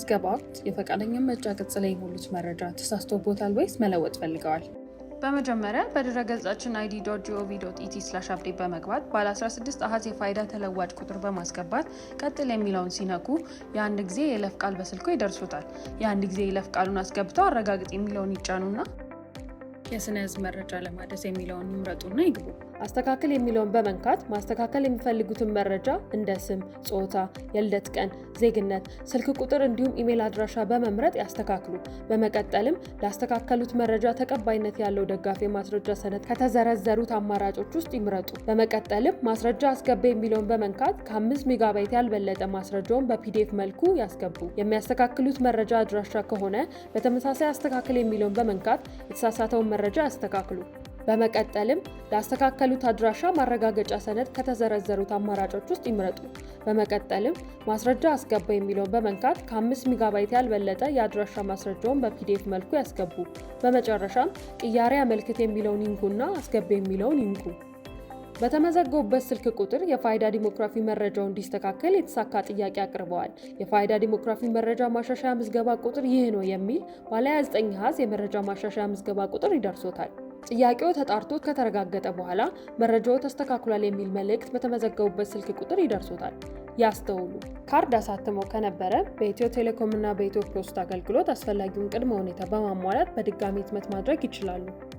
በምዝገባ ወቅት የፈቃደኛ መጫ ቅጽ ላይ የሞሉት መረጃ ተሳስቶቦታል ወይስ መለወጥ ፈልገዋል? በመጀመሪያ በድረገጻችን አይዲ ዶት ጂኦቪ ኢቲ ስላሽ አፕዴት በመግባት ባለ 16 አሀዝ የፋይዳ ተለዋጭ ቁጥር በማስገባት ቀጥል የሚለውን ሲነኩ የአንድ ጊዜ የለፍ ቃል በስልኮ ይደርሶታል። የአንድ ጊዜ የለፍ ቃሉን አስገብተው አረጋግጥ የሚለውን ይጫኑና የስነ ህዝብ መረጃ ለማድረስ የሚለውን ይምረጡና ይግቡ። አስተካከል የሚለውን በመንካት ማስተካከል የሚፈልጉትን መረጃ እንደ ስም፣ ጾታ፣ የልደት ቀን፣ ዜግነት፣ ስልክ ቁጥር እንዲሁም ኢሜል አድራሻ በመምረጥ ያስተካክሉ። በመቀጠልም ላስተካከሉት መረጃ ተቀባይነት ያለው ደጋፊ የማስረጃ ሰነድ ከተዘረዘሩት አማራጮች ውስጥ ይምረጡ። በመቀጠልም ማስረጃ አስገባ የሚለውን በመንካት ከአምስት ሜጋባይት ያልበለጠ ማስረጃውን በፒዲኤፍ መልኩ ያስገቡ። የሚያስተካክሉት መረጃ አድራሻ ከሆነ በተመሳሳይ አስተካከል የሚለውን በመንካት የተሳሳተውን መረጃ ያስተካክሉ። በመቀጠልም ላስተካከሉት አድራሻ ማረጋገጫ ሰነድ ከተዘረዘሩት አማራጮች ውስጥ ይምረጡ። በመቀጠልም ማስረጃ አስገባ የሚለውን በመንካት ከ5 ሜጋባይት ያልበለጠ የአድራሻ ማስረጃውን በፒዲኤፍ መልኩ ያስገቡ። በመጨረሻም ቅያሬ አመልክት የሚለውን ይንኩና አስገባ የሚለውን ይንኩ። በተመዘገቡበት ስልክ ቁጥር የፋይዳ ዲሞክራፊ መረጃው እንዲስተካከል የተሳካ ጥያቄ አቅርበዋል። የፋይዳ ዲሞክራፊ መረጃ ማሻሻያ ምዝገባ ቁጥር ይህ ነው የሚል ባለ 29 ሀዝ የመረጃ ማሻሻያ ምዝገባ ቁጥር ይደርሶታል። ጥያቄው ተጣርቶ ከተረጋገጠ በኋላ መረጃው ተስተካክሏል የሚል መልእክት በተመዘገቡበት ስልክ ቁጥር ይደርሶታል። ያስተውሉ። ካርድ አሳትመው ከነበረ በኢትዮ ቴሌኮም እና በኢትዮ ፖስት አገልግሎት አስፈላጊውን ቅድመ ሁኔታ በማሟላት በድጋሚ ህትመት ማድረግ ይችላሉ።